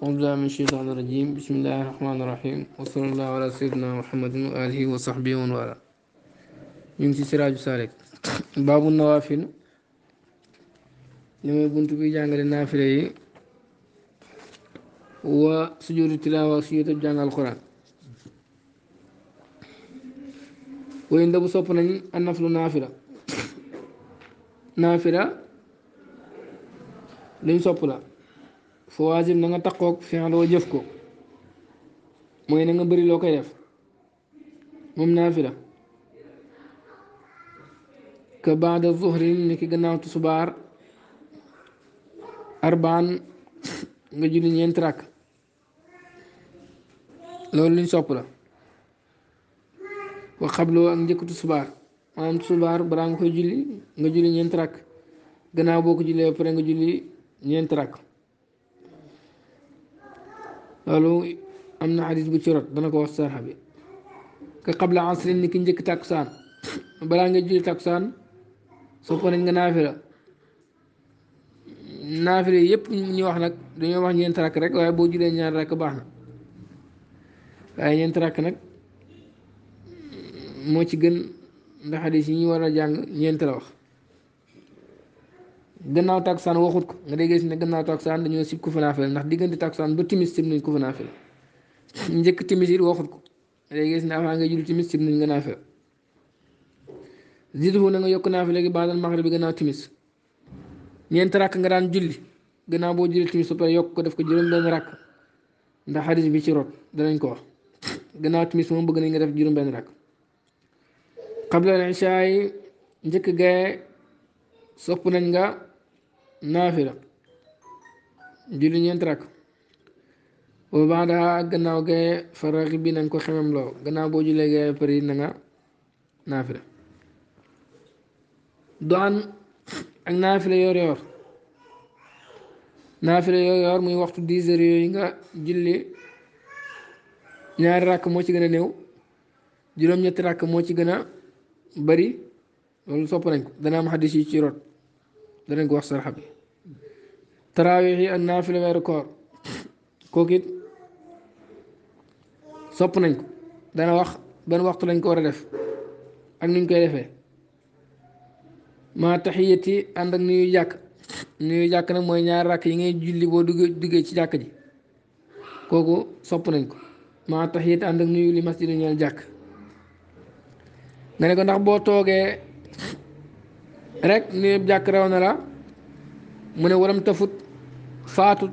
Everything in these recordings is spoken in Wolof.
أعوذ بالله من الشيطان الرجيم بسم الله الرحمن الرحيم وصلى الله على سيدنا محمد وآله وصحبه وآله يمسي سراج سالك باب النوافل لما كنت في جانب النافلة هو سجود التلاوة وسجود الجانب القرآن وين دبو صوبنا النفل نافلة نافلة لن صوبنا fo wajib na nga takkoog fexloo jëf ko moy na nga bari loo koy def mom nafila ka baada zuhrin ni ki gannaaw subar arban nga julli ñent rak lolou luñ sopp la wa qablu ak njëkk subar manam subar bra nga koy julli nga julli ñent rak gannaaw julle pare nga julli ñent rak loolu am na xadis bu ci rot dana ko wax sarxa bi ka qabla asrin ni ki njëkk tàkkusaan balaa nga julli tàkkusaan sopp nañ nga naafila naafila yëpp ñu wax nag dañoo wax ñeent rakk rek waaye boo jullee ñaar rakk baax na waaye ñeent rakk nag moo ci gën ndax xadis yi ñu war a jàng ñeent la wax gannaaw saan waxut ko nga day gis ne gannaaw taksaan dañoo sib ku fa naafila ndax diggante taksaan ba timis sib nañ ku fa naafila njëkk timis it waxut ko nga day gis ne avant nga julli timis sib nañ nga naafila zidhu na nga yokk naafila gi baadal maghrib bi gannaaw timis ñeent rakk nga daan julli gannaaw boo julli timis ba yokk ko def ko juróom benn rakk ndax xadis bi ci rot danañ ko wax gannaaw timis moom bëgg nañ nga def juróom benn rakk njëkk gaye sopp nañ nga naafila julli ñeenti rakk boo baax daa gannaaw gaye faraxi bi na nga ko xemam loo gannaaw boo jullee gaye pare na nga naafila doon ak naafila yoor yoor naafila yoor yoor muy waxtu dix heures yooyu nga julli ñaari ràkk moo ci gën a néew juróom-ñetti rakk moo ci gën a bari loolu sopp nañ ko dana am xaddis yi ci rot danañ ko wax saraxa bi tarawih yi ak naafila weeru koor kooku sop nañ ko dana wax ben waxtu lañ ko wara def ak niñ koy defé ma tahiyati and ak nuyu yak nuyu yak nag moy ñaar rak yi ngay julli bo dugg dugg ci jàkk ji koku sop nañ ko ma tahiyati and ak nuyu li masjidu ñal jàkk nga ne ko ndax bo toge rekk ni jàkk raw na la mu ne waram tafut faatut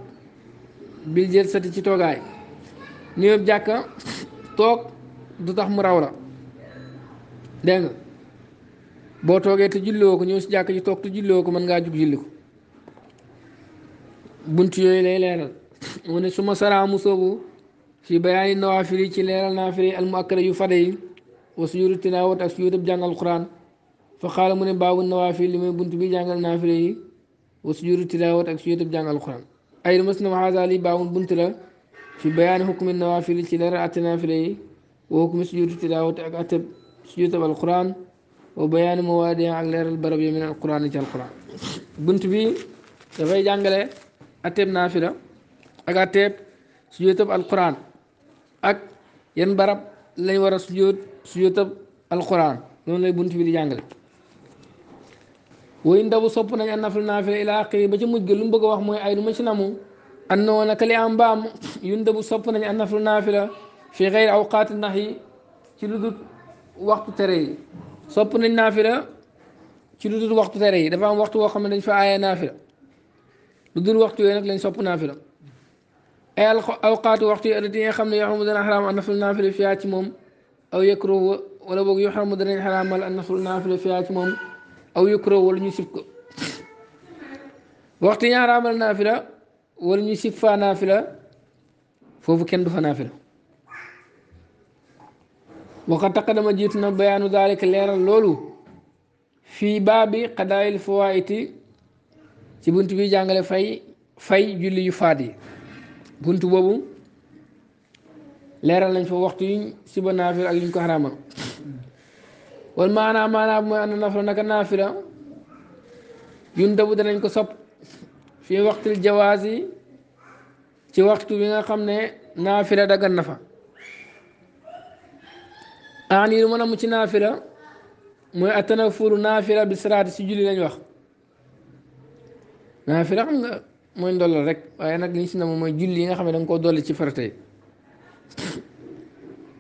bil jël sati ci toogaay ni jàkk toog du tax mu raw la dégg nga boo toogee te julliwoo ko ñëw si jàkk ji toog te julliwoo ko mën ngaa jug julli ko bunt yooyu lay leeral mu ne su ma saraamu soobu fii bayaani nawaafil yi ci leeral naafil yi al muakkada yu fade yi wa sujudi tilaawat ak sujudab jàngal quraan فقال من باب النوافل لمن بنت بي جانغ النافل وسجور التلاوة أكسجور جانغ القرآن أي المسلم هذا لي باب بنت له في بيان حكم النوافل تلرع النافل وحكم سجور التلاوة أكتب سجود القرآن وبيان مواد على البرب من القرآن إلى القرآن بنت بي دفعي جانغ له أتب نافلة أكتب سجود القرآن أك ينبرب لن ورا سجود سجود القرآن نون لي بنت بي جانغ له woy ndaw sopp nañ an nafila naafila ba ci mujj ga lu a wax mooy ay lu ma ci namu an noo naka li am mbaam yun ndabu sopp nañ an nafila naafila fi xeyri awqaati nax yi ci lu dul waxtu tere yi sopp nañ ci lu dul waxtu tere yi dafa am waxtu woo xam ne dañ fa aaya naafila lu dul waxtu yooyu nag lañ sopp naafila ay awqaatu waxtu yi allati nga xam ne yaxamu dana xaraam an nafila naafila fiyaa ci moom aw yakruhu wala boog yoo xam ne danañ ci moom aw yukroo wala ñu sib ko waxtu ñu araamal naafila wala ñu sib faa naafila foofu kenn du fa naafila waqad taqadama jiitu na bayaanu daalika leeral loolu fii baabi xadaayil fawaayiti ci bunt bi jàngale fay fay julli yu faat yi bunt boobu leeral nañ fa waxtu yuñ siba naafila ak yuñ ko xaraamal wal maanaam maanaam mooy ànd naf la naka naafila yun dabu danañ ko sopp fii waxtil jawaaz ci waxtu bi nga xam ne naafila dagga nafa fa aan yi mën a mu ci naafila mooy atanafuru naafila bi saraati si julli lañ wax naafila xam nga mooy ndollal rek waaye nag liñ si na mooy julli yi nga xam ne da koo dolli ci farata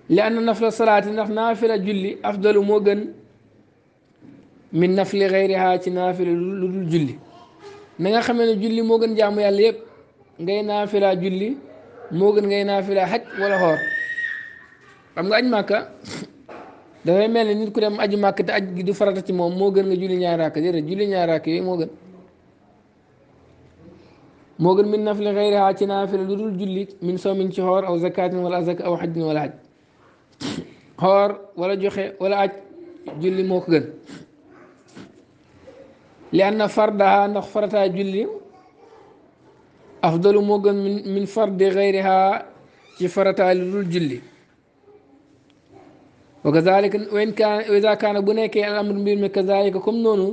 li anna nafla salaati ndax naafila julli afdalu moo gën min nafli xayriha ci naafila lu dul julli na nga xamee ne julli moo gën jaamu yàlla yëpp ngay naafila julli moo gën ngay naafila xaj wala xoor xam nga mel ni nit ku dem aju màkk te aj ci moom moo gën nga julli ñaar raaka julli ñaar raaka moo gën moo gën min nafli xayriha ci naafila lu dul julli min soomin ci xoor aw zakaatin wala azak aw xajjin wala xaj xoor wala joxe wala aj julli moo ko gën li an na fardaha ndax farataa julli afdalu moo gën min fardi xayriha ci farataa lu dul julli wa kazalika wain kaan wa ida kaana bu nekkee al amru mbir mi kazalika comme noonu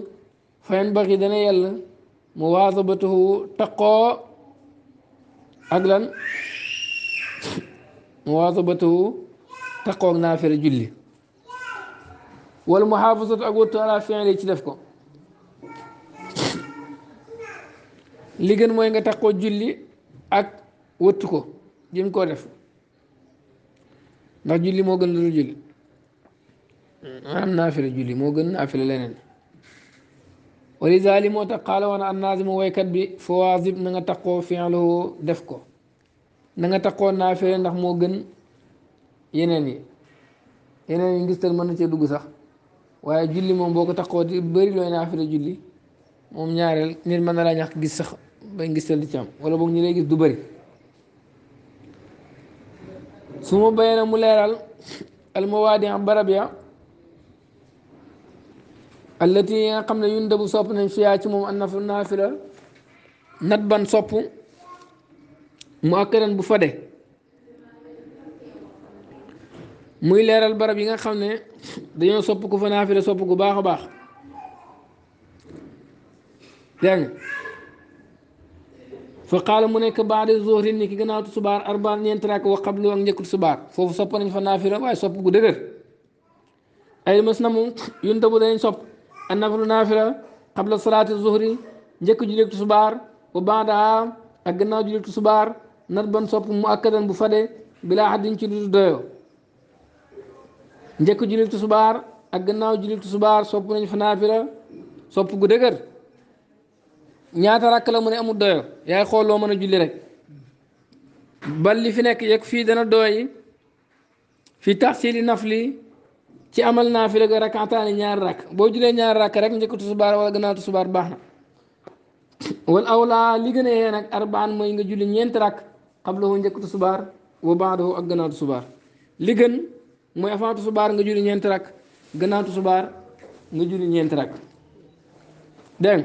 fa yanbaghi dana yàlla muwaazabatuhu taqoo ak lan muwaazabatuhu taqoog naa fere julli wala muhaafasatu ak wattu ala fi'li ci def ko li gën mooy nga taqoo julli ak wattu ko jëm koo def ndax julli moo gën lu dul julli maanaam naafila julli moo gën naafila leneen wali zaali moo tax xaala woon an naazim waykat bi fawaazib na nga taqoo fi'lahu def ko na nga taqoo ndax moo gën yeneen yi yeneen yi ngistal mën na cee dugg sax waaye julli moom boo ko tax koo di bëri looy naafila julli moom ñaareel nit mën na laa ñàkk gis sax ba ngistal di ci am wala boog ñu lay gis du bari su ma bayee na mu leeral almawaadi barab ya allati yi nga xam ne yun dabu sopp nañ fiyaa ci moom an naafila nat ban sopp mu akkadan bu fade muy leral barab yi nga xam ne dañoo sopp ku fa naafila sopp gu baax a baax dégg nga fa qaala mu nekk baada zuhri ni ki gannaaw subaar arbaan ñeenti rakk wa qablu ak njëkkul subaar foofu sopp nañ fa naafila waaye sopp gu dëgër ay mas na mu yun dabu dañ sopp an nafalu naafila qabla salaati zuhri njëkk jullit subaar wa baadaha ak gannaaw jullit subaar nat ban sopp mu akkadan bu fa de bilaa xaddiñ ci dudu doyoo njëkk julli tisbaar ak gannaaw julli tisbaar sopp nañ fa naafila sopp gu dëgër ñaata rakk la mu ne amul doyo yaay xooloo mën a julli rek bal li fi nekk yegg fii dana doy fi tahsili nafli ci amal naafila ga rakataani ñaari rakk boo jullee ñaari rakk rek njëkk tisbaar wala gannaaw tisbaar baax na wal awlaa nga julli ñeenti rakk xablahu njëkk gannaaw tisbaar li gën mooy avant tusubaar nga juri ñeenti rakk gannaaw tusubaar nga julli ñeent rakk dégg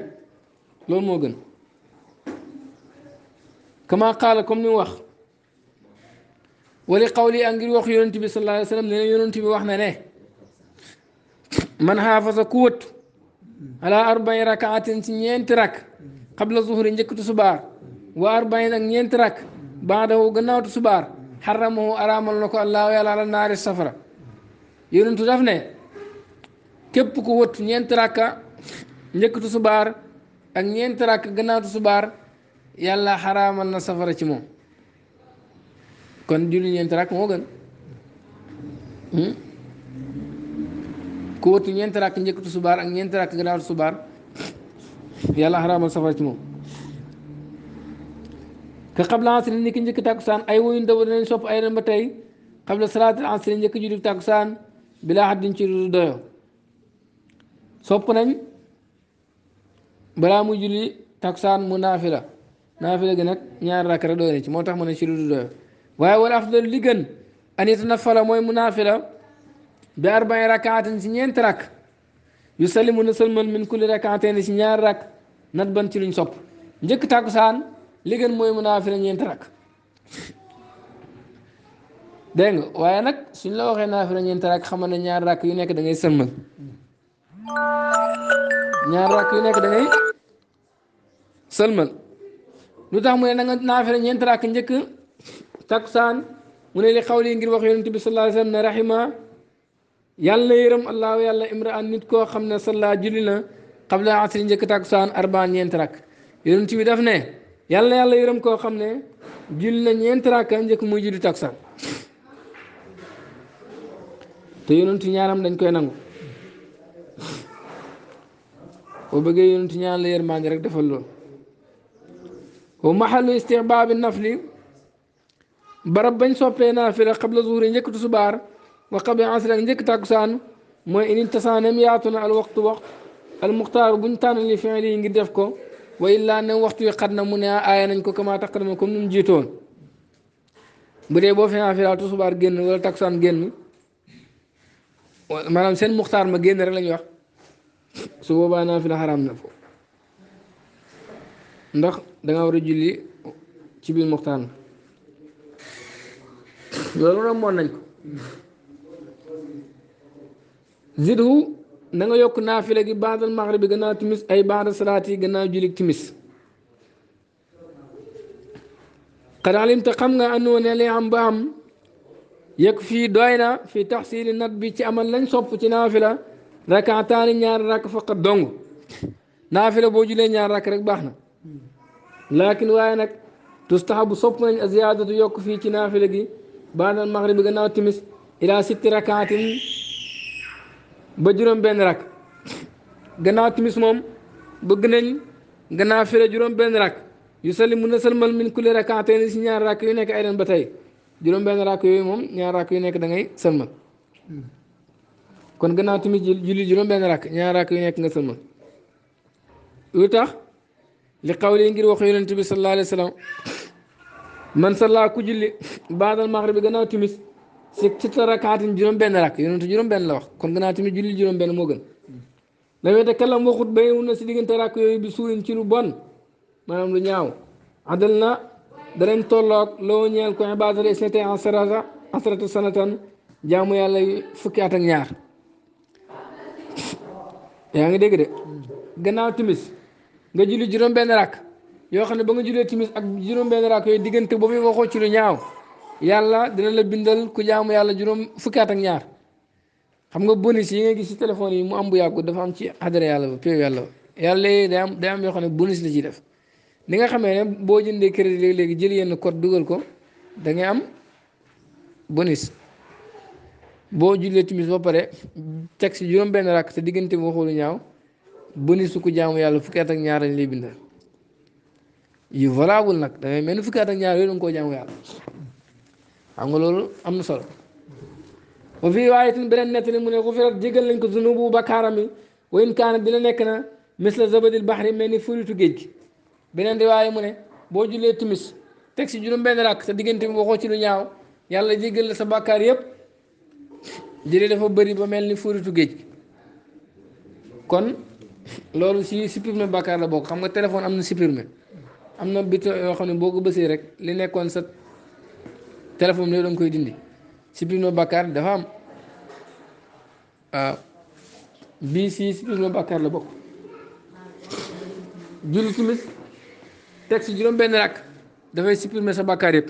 loolu moo gën kama kaala comme ni mu wax wali qawli ak ngir wax yonent bi sallallahu alayhi wa sallam na yonent bi wax na ne man xaafasa ku wëttu ala arbain rakaatin ci ñeenti rakk qabla zuhri njëkk tusubaar wa arbain ak ñeenti rakk baadahu gannaaw tusubaar xaramahu araamal na ko allaahu yàlla ala naari safara yonentu daf ne képp ku wëttu ñeenti rakka njëkkatu subaar ak ñeenti rakk gannaatu subaar yàlla xaraamal na safara ci moom kon julli ñent rakk moo gën ku wëttu ñeenti rakk njëkkatu subaar ak ñeenti rakk gannaatu subaar yàlla xaraamal safara ci moom قبل العصر اللي كنجك تاكسان اي وين دور نشوف اي رمتاي قبل صلاة العصر اللي كنجك تاكسان بلا حد نشير دايو صبنا بلا مجلي تاكسان منافرة نافرة جنك نيار راكرة دوريك موتاك من نشير دايو وهي والأفضل لغن أن يتنفل موي منافرة بأربع ركعات سنين ترك يسلم نسلم من كل ركعتين سنين رك ندبن تلين صب نجك تاكسان نجك تاكسان li gën mooy mu naafila ñeenti rakk nga waaye nag suñ la waxee naafila ñeenti rakk xamal ne ñaar rakk yu nekk da ngay sëlmal ñaar yu nekk da ngay sëlmal lu tax mu ne na nga ñeenti rakk njëkk takusaan mu ne li xaw lii ngir wax yonent bi sallallahu alayhi wa sallam ne rahima yàlla na yërëm allahu yàlla imraan nit koo xam ne salla julli na qabla asri njëkk takusaan arbaan ñeenti rakk yonent bi daf ne yàlla yàlla yërëm koo xam ne julli na ñeenti raaka njëkk muy julli takkusaan te yonentu ñaanam dañ koy nangu boo bëggee yonentu ñaan la yërmaande rek defal loolu wa maxalu istixbaabi nafli barab bañ soppee naafila xabla zuhri njëkk tusubaar wa qabla asri ak njëkk takkusaan mooy ini tasaaneem yaatu na al waxtu waxtu al muxtaar buñ tànn li fiili yi ngir def ko وإلا أن وقت يقدنا منا آية نكو كما تقدمكم من جيتون بدي بو فينا في راتو صبار جن ولا تكسان جن ما نام سين مختار ما جن رجلا يوح سو بانا في الحرام نفو ndax da nga war a julli ci biir moxtaan loolu na nga yokk naafile gi baadal maghrib bi gannaaw timis ay baada salaat yi gannaaw julik timis qad alimta xam nga andoon ne li am ba am yëg fii doy na ci amal lañ sopp ci naafila rakaataani ñaari rakk faqat dong naafila boo julee ñaari rakk rek baax na laakin waaye nag tustahabu sopp nañ ziyaadatu yokk fii ci naafila gi baadal maghrib bi timis ila sitti rakaatin ba juróom benn rak gannaaw timis moom bëgg nañ gannaaw fira juróom benn rakk yu salli mun na salmal min kulli rakaateen si ñaari rakk yu nekk ay den ba tey juróom benn rak yooyu moom ñaar rak yu nekk da ngay salmal kon gannaaw timis julli ñaar rak yu nekk nga salmal lu tax li xawli ngir wax yonent bi sallallahu alayhi wa sallam man salla ku julli baadal maxrib bi gannaaw timis sittata rakaatin juróom-benn juróom-benn la wax kon gannaaw tamit julli juróom-benn moo gën la wee takallam waxut baywun na si diggante rakk yooyu bi lu bon maanaam lu ñaaw adal na danañ tolloog loo ñeel ko ibadata isnate asrata asrata fukki at yaa ngi dégg de gannaaw timis julli juróom-benn rakk yoo xam ne ba nga jullee timis ak juróom-benn rakk yooyu diggante boobu waxoo ci lu ñaaw yàlla dina la bindal ku jaamu yàlla juróom fukki ak ñaar xam nga bonus yi nga gis ci téléphone yi mu am bu yàggut dafa am ci adara yàlla ba péew yàlla ba yàlla day am day am yoo xam ne bonus la ciy def ni nga xamee ne boo jëndee crédit léegi-léegi jël yenn code dugal ko dangay am bonus boo jullee timis ba pare teg si juróom benn rakk te diggante bi waxoolu ñaaw bonus su ku jaamu yàlla fukki ak ñaar lañ lay bindal yu valable nag da ngay mel ni fukki ñaar yooyu da nga koo jaamu xam nga loolu am na solo wa fii waayatin beneen nettali mu ne xufirat jégal lañ ko zunubu bakkaaram yi wa in kaana bi nekk na misla zabadil baxri mel ni furitu géej gi beneen riwaaye mu ne boo jullee timis teg si juróom-benn rakk sa diggante bi waxoo ci lu ñaaw yàlla jégal la sa bàkkaar yépp jële dafa bëri ba mel ni furitu géej gi kon loolu si supprimer bàkkaar la bokk xam nga téléphone am na supprimer am na bito yoo xam ne boo ko bësee rek li nekkoon sa téléphone léegi da nga koy dindi supprimer bàkkaar dafa am waaw bii si supprimer bàkkaar la bokk julli timis teg si juróom benn rakk dafay supprimer sa bàkkaar yëpp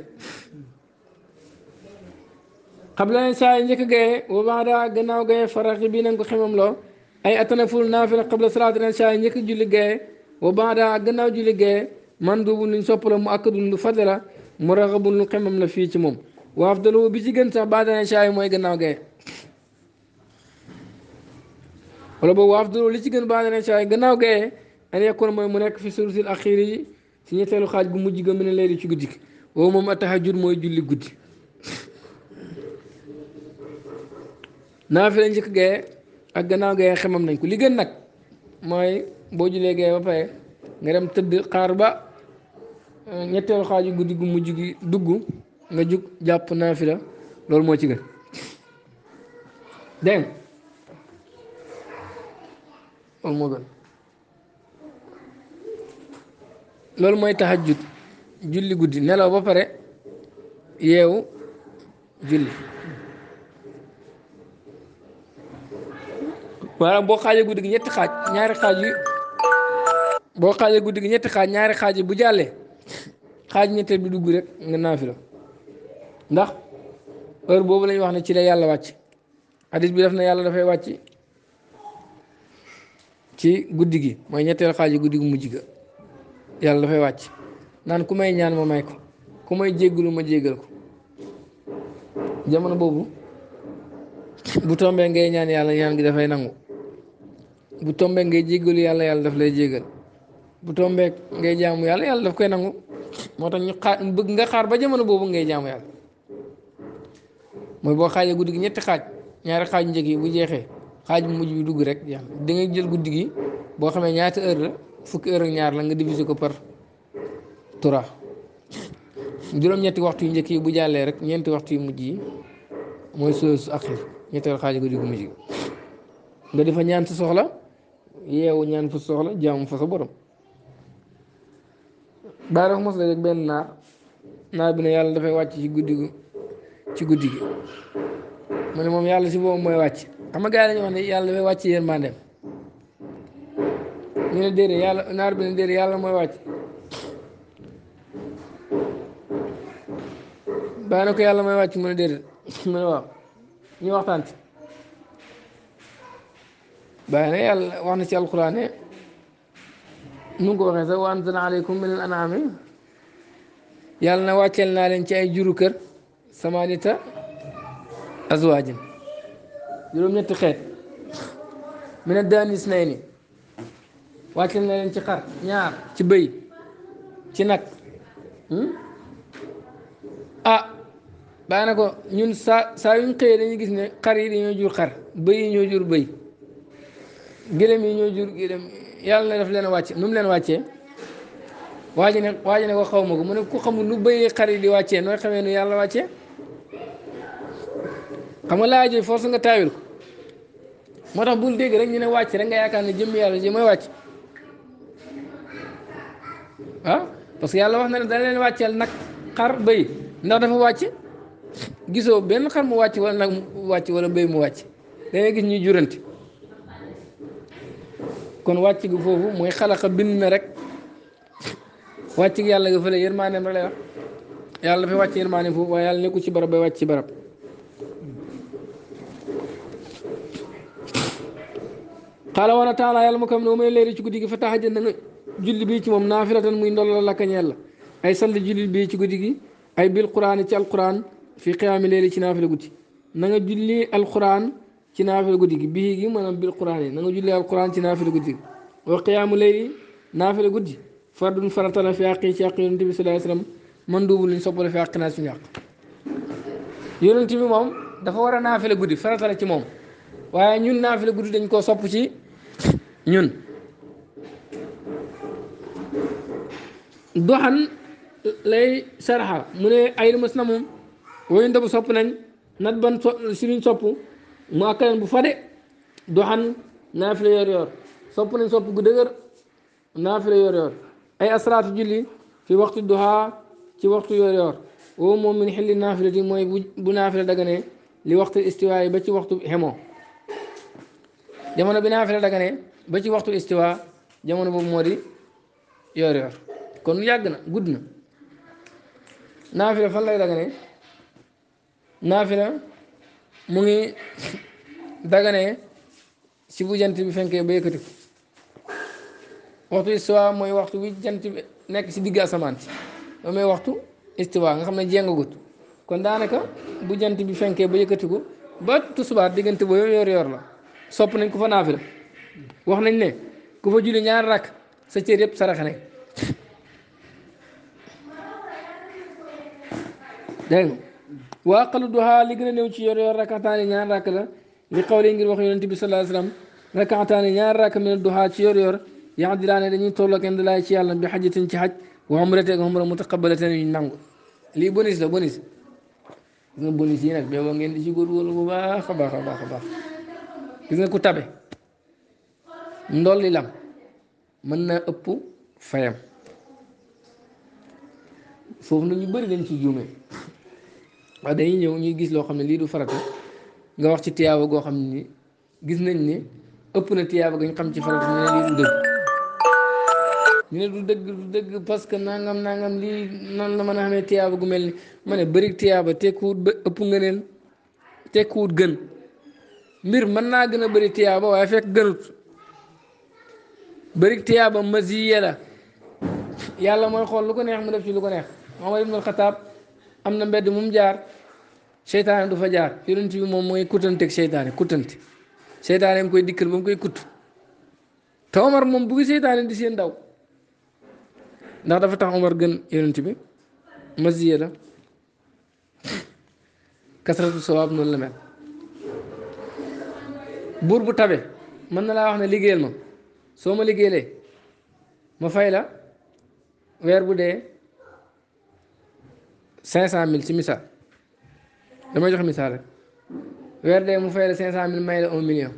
xam la ne saa njëkk gaye wa baada gannaaw gaye farax bii na nga ko xemam loo ay atanaful naafila xabla salaati na saa yi njëkk julli gaye wa baada gannaaw julli gaye man duubu luñ sopp la mu akkadun lu fadde la مرغب نقيم لنا فيه تموم وافضلو بيجي جنت بعد انا شاي موي غناو غي ولا بو وافضلو لي جي بعد انا شاي غناو غي ان يكون موي مو في سورة الاخير سي نيتلو خاج بو موجي غم من ليري تشي غديك هو موم التهجد موي جولي غدي نافل نجيك غي اك غناو غي خمم نانكو لي جن نك موي بو جولي غي با تد قاربه ñetteelu xaaju guddi gu mujj gi dugg nga jug jàpp naafila loolu moo ci gën dégg loolu moo gën loolu mooy julli guddi nelaw ba pare yeewu julli maanaam boo xaajee guddi gi ñetti xaaj ñaari xaaj boo xaajee guddi gi ñetti xaaj ñaari xaaj yi bu jàllee xaaj ñetteel bi dugg rek nga naafila ndax heure boobu lañuy wax ne ci la yàlla wàcc hadis bi def na yàlla dafay wàcc ci guddi gi mooy ñetteel xaaj guddi gu mujj ga yàlla dafay wàcc naan ku may ñaan ma may ko ku may jéggalu ma jéggal ko jamono boobu bu tombee ngay ñaan yàlla ñaan gi dafay nangu bu tombee ngay jéggalu yàlla yàlla daf lay jéggal bu tombee ngay jaamu yàlla yàlla daf koy nangu moo tax ñu xaar bëgg nga xaar ba jamono boobu ngay jaamu yàlla mooy boo xaajee guddi gi ñetti xaaj ñaari xaaj njëkk yi bu jeexee xaaj bu mujj bi dugg rek jeex na ngay jël guddi gi boo xamee ñaata heure la fukki heure ak ñaar la nga diviser ko par trois juróom-ñetti waxtu yu njëkk yi bu jàllee rek ñeenti waxtu yu mujj yi mooy soosu ak ñetteel xaaj guddi gu mujj defa ñaan si soxla yeewu ñaan fa soxla jaamu fa sa borom. bàyyi dafa mos la rek benn naar naar bi ne yàlla dafay wàcc ci guddi ci guddi gi mu ne moom yàlla si boobu mooy wàcc xam nga gars yi dañuy wax ne yàlla dafay wàcc yéen maa dem naar bi ne déedéet yàlla mooy wàcc bàyyi na yàlla mooy wàcc mu ne déedéet ñu waxtaan ci bàyyi na yàlla wax ci alxuraan nu ko waxee sax wa anzala aleykum min al anami yàlla na wàcceel naa leen ci ay juru kër samanita azwaajin juróom-ñetti xeet mi ne daanis nay ni wàcceel naa leen ci xar ñaar ci bëy ci nag hmm? ah bàyyi ko ñun saa saa yuñ xëyee dañuy gis ne xar yi dañoo jur xar bay yi ñoo jur bëy gëlëm yi ñoo jur gëlëm yàlla def leen a wàcce nu mu leen wàccee waa ji ne waa ne ko xaw ma ko mu ne ku xamul nu bëy xar yi wàcce wàccee nooy xamee nu yàlla wàcce xam nga laaj yi force nga taawil ko moo tax bul rek ñu ne wàcc rek nga yaakaar ne jëmm yàlla ji mooy wàcc ah parce que yàlla wax na ne dana leen wàcceel nag xar bëy ndax dafa wàcc gisoo benn xar mu wàcc wala nag mu wàcc wala bëy mu wàcc da gis ñuy jurante kon wàcc gi foofu mooy xalaqa bind na rek wàcc gi yàlla nga fële yërmaaneem rek lay wax yàlla dafay wàcc yërmaaneem foofu waaye yàlla nekku ci barab bay wàcc ci barab xaala wana taala yàlla mu kam ne may léeri ci guddi gi fa taxaja na nga julli bii ci moom naafilatan muy ndolla la kañeel la ay salli julli bii ci guddi gi ay bil quraan ci alquran fii qiyaami léeri ci naafila guddi na nga julli alquran تنافل قدك به يوم أنا بالقرآن أنا أقول لي القرآن تنافل قدك وقيام الليل نافل قدك فرد فرط على في عقيد في عقيد النبي صلى الله عليه وسلم من دوب لنصبر في عقنا سنياق يوم النبي مام دفور نافل قدك فرط على تمام waaye ñun naa fi la gudd dañ koo sopp ci ñun doxan lay saraxa mu ne ay lu mas na moom woyu ndabu sopp nañ nat ban suñu sopp mu akkalan bu fade doxan naafila yor yor sopp nañ sopp gu dëgër naafila yor yor ay asraatu julli fi waxtu duha ci waxtu yor yor woo moom min xilli naafila mooy bu naafila dagane li waxtu istiwa yi ba ci waxtu xemo jamono bi naafila dagane ba ci waxtu istiwa jamono boobu moo di yor yor kon yàgg na gudd na naafila fan lay dagane naafila mu ngi dagane si bu jant bi fenkee ba yëkkati ko waxtu istiwa mooy waxtu wi jant bi nekk si digg asamaan si ba mooy waxtu istiwa nga xam ne jéngagut kon daanaka bu jant bi fenkee ba yëkkatiku ba tusubaar diggante ba yor yor la sopp nañ ku fa naafila wax nañ ne ku fa julli ñaar rakk sa cër yëpp saraxe واقل دوها لغنا نوتي يري ركعتان نيان راك لا لي قولي غير وخ يونتي بي صلى الله عليه وسلم ركعتان نيان راك من الدوها تي يري يعني لا ني تولك عند الله تي يالله بحجه تي حج وعمره عمره متقبله نانغ لي بونيس لا بونيس غن بونيس ينك بيو غين دي سي غور ولو بو باخ باخ باخ باخ غن كو تابي ndolilam man na ëpp fayam foofu nañu bëri lañ ci jume waaw dañuy ñëw ñuy gis loo xam ne lii du farata nga wax ci tiyaaba goo xam ne gis nañ ne ëpp na tiyaaba gañ xam ci farata ñu ne lii du dëgg ñu ne du dëgg du dëgg parce que nangam nangam lii nan la mën a xamee gu mel ni ma ne bëri tiyaaba tekkuwut ba ëpp nga neen tekkuwut gën mbir mën naa gën a bëri tiyaaba waaye fekk gënut bëri tiyaaba masiye la yàlla mooy xool lu ko neex mu def ci lu ko neex Omar ibn Xataab am na mbedd mu mu jaar seytaane du fa jaar yonent bi moom mooy kuttanteeg seytaane kuttante seytaane mu koy dikkal ba mu koy kutt te Omar moom bu seytaane di seen daw ndax dafa tax Omar gën yonent bi masiye la kasratu sawaab noonu la mel buur bu tabe mën na laa wax ne liggéeyal ma soo ma liggéeyalee ma fay la weer bu dee cinq cent mille ci misaal damay jox misaal rek weer dee mu fay la cinq cent mille may la un million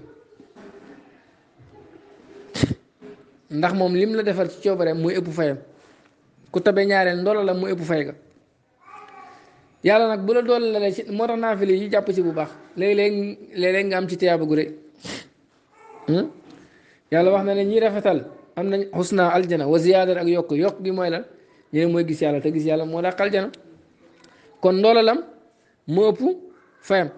ndax moom lim la defar ci coobare muy ëpp fayam ku tabe ñaareel ndoola la mu ëpp fay ka yàlla nag bu la doole la ci moo tax naa li lii jàpp ci bu baax léeg-léeg nga am ci tiyaaba gu rëy hmm? yàlla wax na ne ñi rafetal am nañ xusna aljana wa ziyaadar ak yokk yokk gi mooy lan ñu mooy gis yàlla te gis yàlla moo dàq aljana kon ndoolalam mu ëpp fayam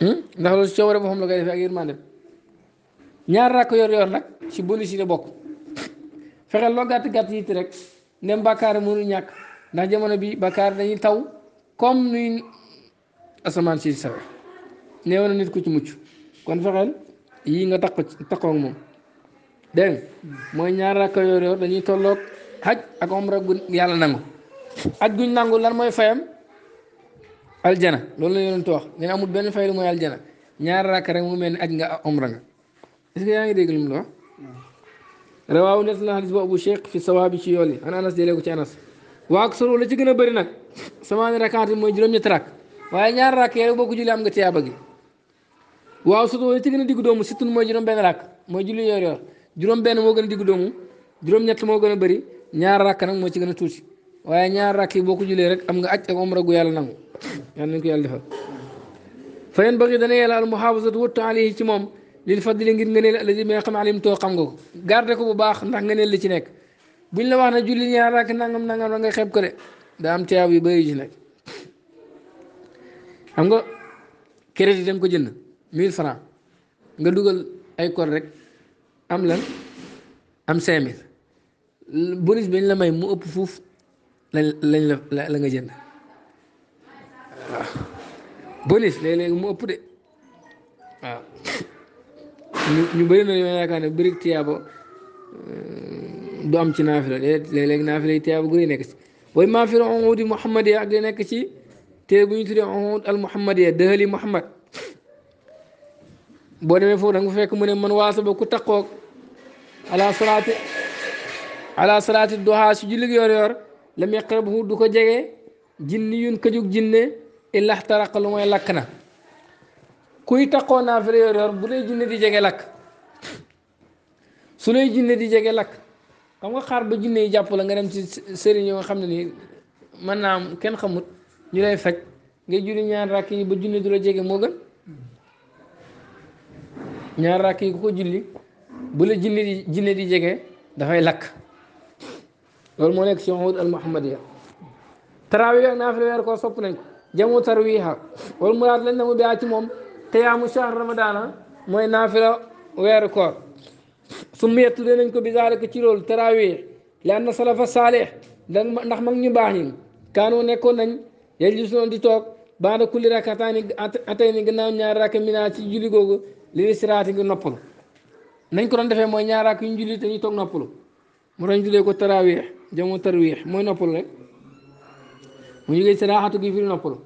hmm? ndax loolu si coobare boppam la koy defee ak yërmande ñaar rakk yor-yor nag ci bonus yi la bokk fexeel loo gàtt gàtt yi rek ndem bàkkaar mënu ñàkk ndax jamono bi bàkkaar dañuy taw comme nuy asamaan si sawe néew na nit ku ci mucc kon fexeel yii nga takk takkoo moom dégg mooy ñaar rakk yor-yor dañuy tolloog. xaj ak omra gu yàlla nangu aj guñ nangu lan mooy fayam aljana loolu la yonent wax ne amul benn fay lu mooy aljana ñaar rakk rek mu mel ni aj nga omra nga est-ce yaa ngi dégg lu mu wax hmm. rawaawu net na xadis boobu cheikh ci yool yi ana anas jëlee ko ci anas waa ak la ci gën a nag samaani rakkaat mooy juróom-ñetti rakk waaye ñaar rakk yooyu boo ko julli am nga tiyaaba gi waaw surtout li ci gën a diggu doomu sittun mooy juróom benn rakk mooy julli yor yor juróom benn moo gën a diggu doomu juróom-ñett moo gën a bari ñaar rakk nag moo ci gën a tuuti waaye ñaar rakk yi boo ko julee rek am nga aj ak omra gu yàlla nangu yàlla nañ ko yàlla defal fa yéen bëgg dana yàlla al muhaafasatu wattu alayhi ci moom lil fadli ngir nga neel alladi bi nga xam alim too xam nga ko garde ko bu baax ndax nga neel li ci nekk buñ la wax ne julli ñaar rakk nangam nangam da nga xeeb ko de daa am tiyaab yu bëri ci nekk xam nga crédit da nga ko jënd 1000 francs nga dugal ay kor rek am lan am 5000 bonus bi ñu la may mu ëpp fuuf lañ lañ la la nga jënd waaw bonus léeg-léeg mu ëpp de ñu ñu bëri na ñoo yaakaar ne bëri tiyaaba euh, du am ci naafila léeg-léeg naafila yi tiyaaba gu nekk ci way maa fi onxuudi muhammad ya ak nekk ci téere bu ñu tuddee onxuud al muhammad ya dëhali muhammad boo demee foofu da fekk mu ne man waasa ba ku taqoog ala salaati ala salaati duha si julli yor yor lam yaqrabu du ko jege jinni yun këjug jinne illa xtaraq lu mooy lakk na kuy taqoo naafila yor yor bu lay jinne di jege lakk su lay jinne di jege lakk xam nga xaar ba jinne yi jàpp la nga dem ci sëriñ yoo xam ne nii mën naa am kenn xamut ñu lay faj ngay julli ñaan rakk yi ba junne du la jege moo gën ñaar rakk yi ku ko julli bu la jinne di jinne di jege dafay lakk loolu moo nekk si uud al muhammadiya taraawi ak naafila weer koor sopp nañ ko jamu tarwiha wal muraad lañ namu biyaa ci moom qiyaamu shahr ramadaana mooy naafila weer koor su mu tuddee nañ ko bi zaalika ci loolu taraawi li anna salafa saalih ndax mag ñu baax ñi kaanu nekkoon nañ yajlisuuna di toog baada kulli rakataani atayni gannaaw ñaari rakka mina ci julli googu li siraati ngi noppalu nañ ko doon defee mooy ñaari rakk yu toog noppalu mu doon jamono tarwiix mooy noppul rek mu jógee saraaxatu gi firi noppalu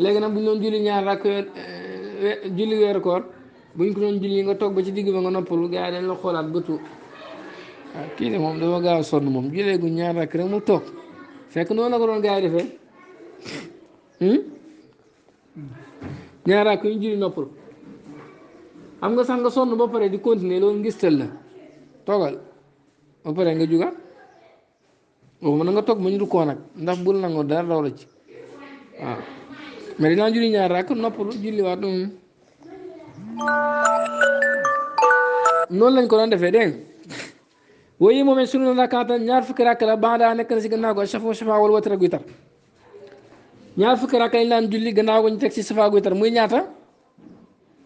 léegi nag bu ñu doon julli ñaar rakk eh, julli weeru bu ñu ko doon julli nga toog ba ci digg ba nga noppalu gars yi dañ xoolaat bëtu ah, kii de moom dafa gaaw a sonn moom jullee gu ñaar rakk rek mu toog fekk noonu la ko doon gars yi defee hmm? ñaar rakk yu ñu julli noppalu am nga sax nga sonn ba pare di continuer loolu ngistal la toogal ba pare nga jugaat waxuma na nga toog ba ñu rukkoo nag ndax bul nangoo dara raw la ci waaw mais dinaa julli ñaar ràkk noppalu julliwaat noonu lañ ko doon defee dégg waaye moom it sunu na rakkaata ñaar fukki rakk la baax daa nekk na si gannaaw ko safoo safaa wala watara guy ñaar fukki rakk lañ daan julli gannaaw ko ñu teg si safaa guy tar muy ñaata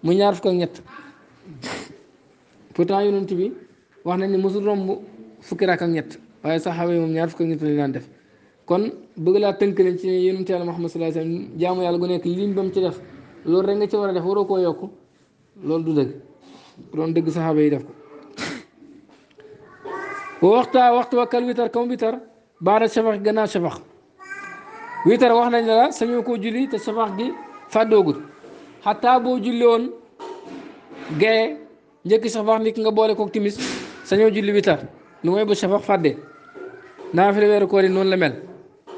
muy ñaar fukk ak ñett pourtant yonent bi wax nañ ni mosul romb fukki rakk ak ñett. waaye saxaaba yi moom ñaar fukk ak ñett lañ daan def kon bëgg laa tënk lañ ci yonent yàlla Muhammad sallallahu alayhi wa sallam jaamu yàlla gu nekk liñ ba mu ci def loolu rek nga ci war a def waroo koo yokk loolu du dëgg doon dëgg saxaaba yi def ko wa waxtaa waxtu wa kal witar kam witar baada wax nañ la sañoo koo julli te safax gi fàddoogut xataa boo julli woon gaye njëkk safax nit nga boole kook timis sañoo julli witar lu mooy bu safax fàddee naafila weeru koor yi noonu la mel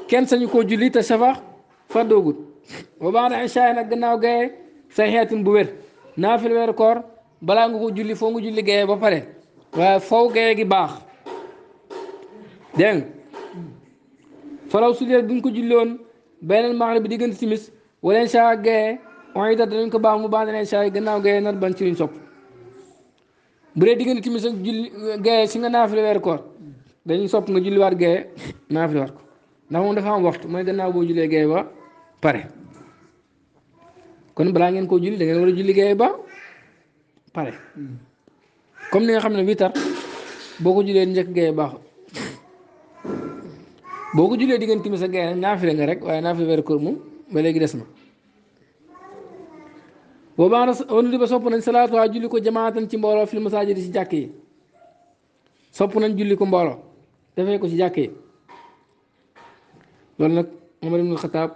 kenn sañu koo julli te safax fardoogut ba baax na ishaay nag gannaaw gaye sa xeetin bu wér naafila weeru koor balaa nga koo julli foo nga julli gaye ba pare waaye foow gaye gi baax dégg falaw su leer ko julli woon beneen maxrib bi diggante timis wala ishaa ak gaye on yi danañ ko baax mu baax na ishaay gannaaw gaye nar ban ci luñ sopp bu dee diggante timis gaye si nga naafila weeru koor dañuy sopp nga julliwaat gaye naafila waat ko ndax moom dafa waxtu mooy gannaaw boo jullee gaye ba pare balaa ngeen koo julli da ngeen war comme ni nga xam ne witar boo ko jullee njëkk gaye baaxul boo ko jullee diggante timis ak gaye naafila nga rek waaye naafila weer koor moom ba léegi des na boobaa wanu di ba sopp nañ salaatu waa julli ko jamaatan ci mbooloo fil masaajid ci jàkk yi sopp nañ julli ko mbooloo defee ko ci jàkk yi loolu nag Umar ibnu Xataab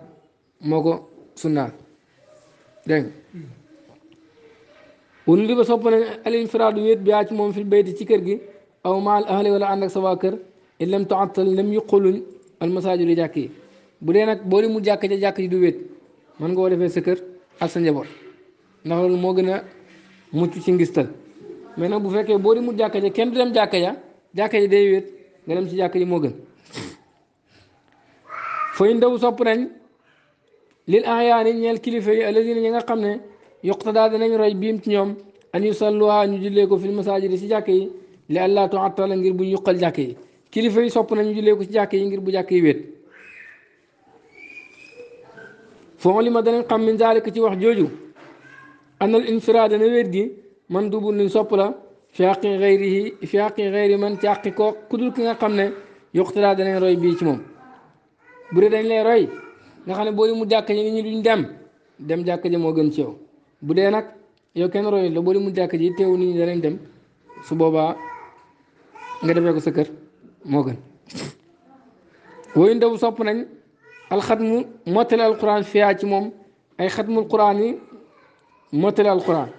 moo ko sunnaal dégg wunu di ba sopp nañ al infiraadu wéet bi yaa ci moom fil bayti ci kër gi aw maal ahli wala ànd ak sa waa kër in lam tuattal lam yuquluñ al yi jàkk yi bu dee nag boo di mu jàkk ja jàkk ji du wéet mën nga koo sa kër ak sa njaboot moo gën a mucc ci ngistal mais nag bu fekkee boo mu jàkk kenn du dem jàkk ja wéet nga dem ci jàkk ji moo gën yi ndaw sopp nañ lil ahyaani ñeel kilifa yi alladina ñi nga xam ne yuqtadaa danañ roy biim ci ñoom an yusalluha ñu jullee ko fi masajidi ci jàkk yi li allah tuattala ngir bu ñu yuqal jàkk yi kilifa yi sopp nañ ñu jullee ko ci jàkk yi ngir bu jàkk yi wéet foo li ma danañ xam min zalika ci wax jooju al infiraada na wéet gi man dubu ni sopp la فياق غيره فياق غير من تياق كو كدول كي خامن يقتلا دا نين روي بي سي موم بري دا لي روي نا خامن بو مو داك ني ني دون دم دم داك جي مو گن سيو بودي نك يو كين روي لو بو مو داك جي تيو ني دا نين دم سو بوبا nga defé ko sa kër mo gën way ndaw sopp nañ al khatmu motal al qur'an fiya ci mom ay khatmul qur'ani motal al qur'an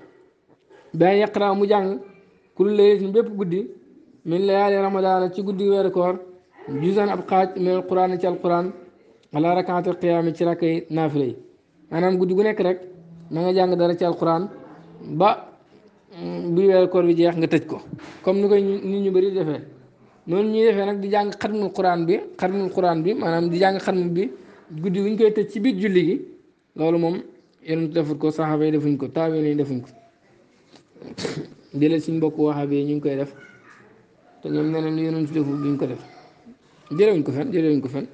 kullu laylatin bépp guddi min layaali ramadaan ci guddi weeru koor juzan ab xaaj min alquran ci alquran ala rakaati alqiyaami ci rakkay naafila yi maanaam guddi gu nekk rek na nga jàng dara ci alquran ba mm, bu weeru koor bi jeex nga tëj ko comme ni koy nit ñu bëri defee noonu ñuy defee nag di jàng xatmul quran bi xatmul quran bi maanaam di jàng xatmul bi guddi gu ñu koy tëj ci biir julli gi loolu moom yonent defut ko saxaaba yi defuñ ko taabi yi defuñ ko di si suñ mbokk waxaab yi ñu ngi koy def te ñoom nee nañ lu yonent defu duñ ko def jëlewuñ ko fen jëlewuñ ko fen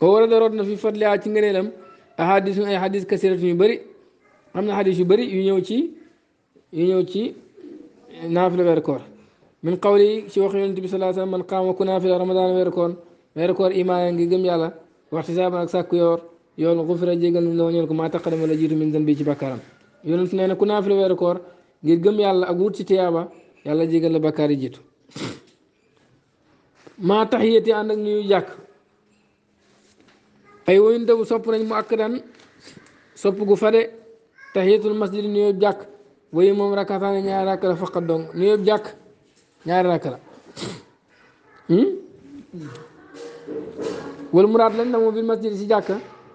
boo war a doroot na fi fadli ci ngëneelam ahadis ay hadis kasirat yu bëri am na hadis yu bari yu ñëw ci yu ñëw ci naafila weer koor min qawli ci wax yonent bi salaa sallam man qaama ku naafila ramadaan weer koor weer koor imaan gëm yàlla waxtisaaban ak sàkku yoor yool gufira jégal nañ la ñeel ko maa taqadama la jiitu min zan bi ci bàkkaaram yonent nee na ku naafila weeru koor ngir gëm yàlla ak wut ci tiyaaba yàlla jégal la bakkaar yi jiitu maa taxiyati ànd ak nuyu jàkk ay woyun dabu sopp nañ mu àkk daan sopp gu fade taxiyatul masjid nuyu jàkk woyu moom rakkataane ñaari rakk la faqat dong nuyu jàkk ñaari rakk la hmm? wal muraad lañ na bi masjid si jàkk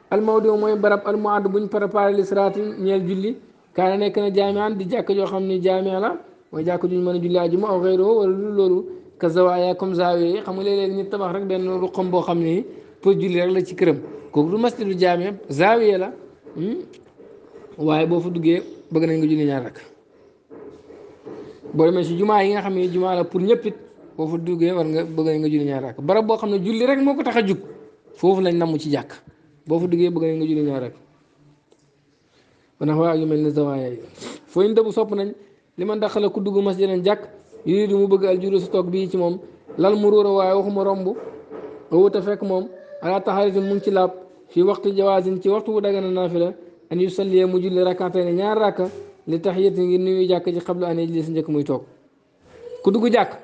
almawdi mooy barab almuad buñ préparé li siraati julli kaana nekk na jaami'an di jàkk joo xam ne jaamee la mooy jàkk ju ñu mën a julli àjjuma aw xeyroo wala lu loolu ka zawaaya comme zaawiya xam nga léeg-léeg tabax rek benn ruqam boo xam ne pour julli la ci këram kooku du masjidu jaami'a zaawiya la hmm, waaye boo fa duggee bëgg nañ nga julli ñaar rek boo demee si jumaa yi nga xam ne jumaa la pour ñëpp it boo fa duggee war nga bëgg nañ nga julli ñaar rek barab boo xam ne julli rek moo ko tax a jug foofu lañ namm ci jàkk boo fa duggee bëgg nañ nga julli ñaar rek maanaam waaw yu mel ne zawaaya yi foo ñu dëbu sopp nañ li man daxala ku dugg masjidan jàkk yooyu du mu bëgg aljuru su toog bii ci moom lal mu ruura waaye waxuma romb wuta fekk moom ala taxariti mu ngi ci waxtu jawaasin ci waxtu wu dagana naafila yu salliye mu julli rakkaatee ne ñaar rakka li taxiyat ngir nuyu jàkk ci xablu an yajlis njëkk muy toog ku dugg jàkk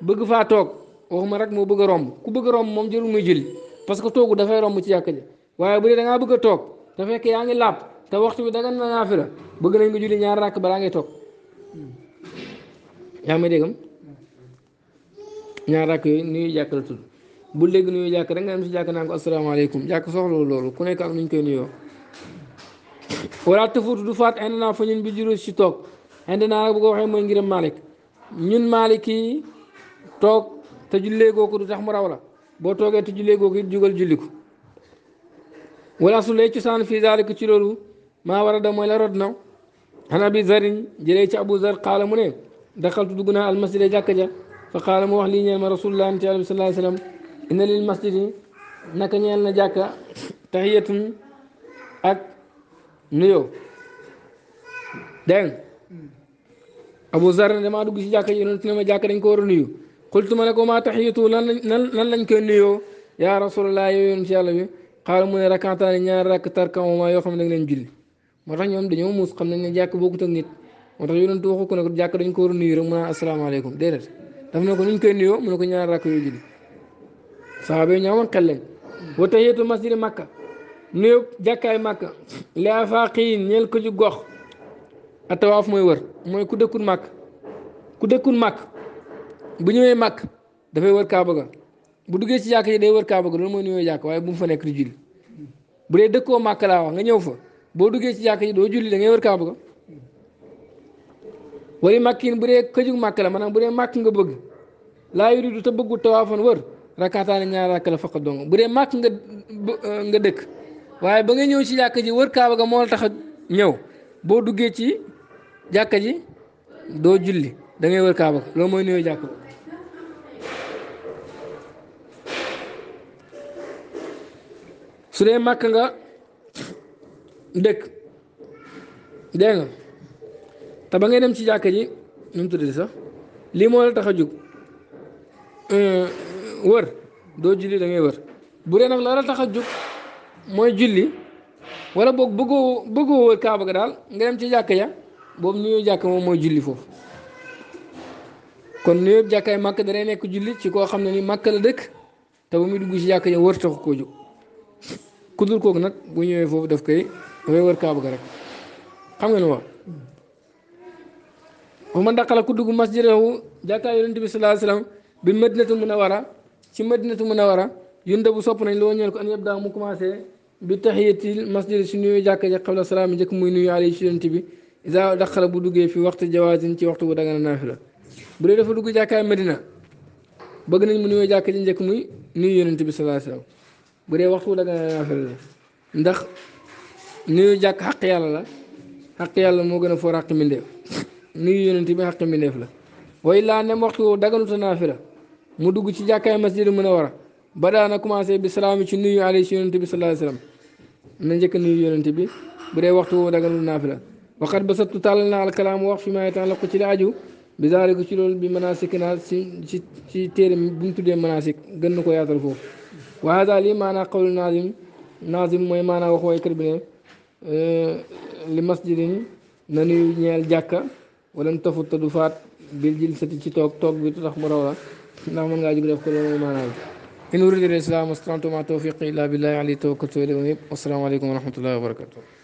bëgg faa toog waxuma rek moo bëgg a romb ku bëgg a romb moom jërul muy julli parce que toogu dafay romb ci jàkk ji waaye bu dee da a te waxtu bi dagan na naafila bëgg nañ nga julli ñaar ràkk balaa ngay toog yaa may déggam ñaar rakk yooyu nuyu jàkk la tudd bu léegi nuyu jàkk rek nga dem si jàkk naan ko asalaamaaleykum jàkk soxla loolu ku nekk ak nuñ koy nuyoo wala tëfuutu du faat indi naa fa ñun bi juróom si toog indi naa nag bu ko waxee mooy ngiram Malick ñun Malick toog te jullee googu du tax mu raw la boo toogee te jullee googu it jugal julliku wala su lay cosaan fii daal ci maa war a da mooy la rod na an abi zarin jëlee ci abu zar qaala mu ne daxaltu dugg naa almasjida jàkka ja fa qaala mu wax lii ñeel ma rasulullah ci alayhi sallallahu alayhi wasallam inna lil masjidi naka ñeel na jàkka tahiyatun ak nuyo dégg abu zar ne damaa dugg ci jàkka ji yonent ne ma jàkka dañ ko war a nuyu xultu ma ne ko maa tahiyatu lan lan lan lañ koy nuyoo yaa rasulullah yow yonent yàlla bi qaala mu ne rakantaani ñaari rakk tarkan ma yoo xam ne da nga leen moo tax ñoom dañoo muus xam nañ ne jàkk bokkut ak nit moo tax yonent waxu ko ne ko jàkk dañ ko war a nuyu rek mu a ah, asalaamaaleykum déedéet daf ne ko nuñ koy nuyoo mu ko ñaar rakk yooyu julli saxaaba yi ñaawoon xel lañ wa tahiyatul masjidi makka nuyoo jàkkaay makka li afaaqiin ñeel ko ju mooy wër mooy ku dëkkul màkk ku dëkkul màkk bu ñëwee màkk dafay wër kaaba ga bu duggee ci jàkk yi day wër kaaba ga loolu mooy nuyoo waaye bu fa nekk di julli dee dëkkoo màkk laa wax nga ñëw fa boo duggee ci jàkk ji doo julli da ngay wër kaaba ga wari màkkin bu dee màkk la maanaam bu dee màkk nga bëgg laa te bëggu tawaafan wër rakataane ñaar rakk la dong bu dee màkk euh, nga dëkk waaye ba nga ñëw ci jàkk ji wër kaaba ga moo tax a boo duggee ci jàkk ji doo julli da ngay wër kaaba ga loolu mooy nuyoo jàkk ba su dee màkk nga dëkk dégg nga te ba ngay dem ci jàkka ji nu mu tuddati sax lii moo la tax a jóg wër doo julli da ngay wër bu dee nag la la tax a jóg mooy julli wala boog bëggoo bëggoo wër kaaba ga daal nga dem ci jàkka ja boobu nuyoo jàkka moom mooy julli foofu kon nuyoo jàkkaay màkk danay nekk julli ci koo xam ne ni màkk la dëkk te bu muy dugg ci jàkka ja wër taxu koo jóg ku dul kooku nag bu ñëwee foofu def koy dangay wër kaaba ga rek xam nga ne moom wa man daqala ku dugg masjidahu jàkkaay yonent bi sallallahu alayhi wasallam bi madinatu munawara ci madinatu munawara yunda bu sopp nañ loo ñeel ko an yëpp daa mu commencé bi tahiyatil masjid si nuyu jàkka ja xabla salaam njëkk muy nuyu alayhi ci yonent bi isa daqala bu duggee fi waxtu jawaazin ci waxtu bu dagana naafila bu dee dafa dugg jàkkaay madina bëgg nañ mu nuyoo jàkka ji njëkk muy nuyu yonent bi sallallahu alayhi wasallam bu dee waxtu bu dagana naafila la ndax nuyu jàkk xaq yàlla la xaq yàlla moo gën a foor xaq mbindeef nuyu yonent bi xaq mbindeef la way laa nem waxtu woowu daganuta naafila mu dugg ci jàkkaay masjid mën a war a ba daana commencé bi salaam ci nuyu ali si yonent bi sallallahu alayhi wasallam na njëkk nuyu yonent bi bu dee waxtu woowu daganul naafila waxat ba sattu tàllal na alkalaam wax fi may tàllal ko ci la aju bi zaaliku ci loolu bi manasik naa si ci ci téere bu mu tuddee manasik gën na ko yaatal foofu wa maanaa qawlu naazim naazim Euh, li masjidin na nuyu ñeel jàkka wala mu tafut te du faat bil jil sati ci toog toog bi tax mu raw la ndax mën ngaa jug def ko loolu maanaam in uridil islam astantu ma tawfiqi illa billahi alayhi tawakkaltu wa ilayhi unib assalaamu aleykum wa rahmatullahi wa barakatuh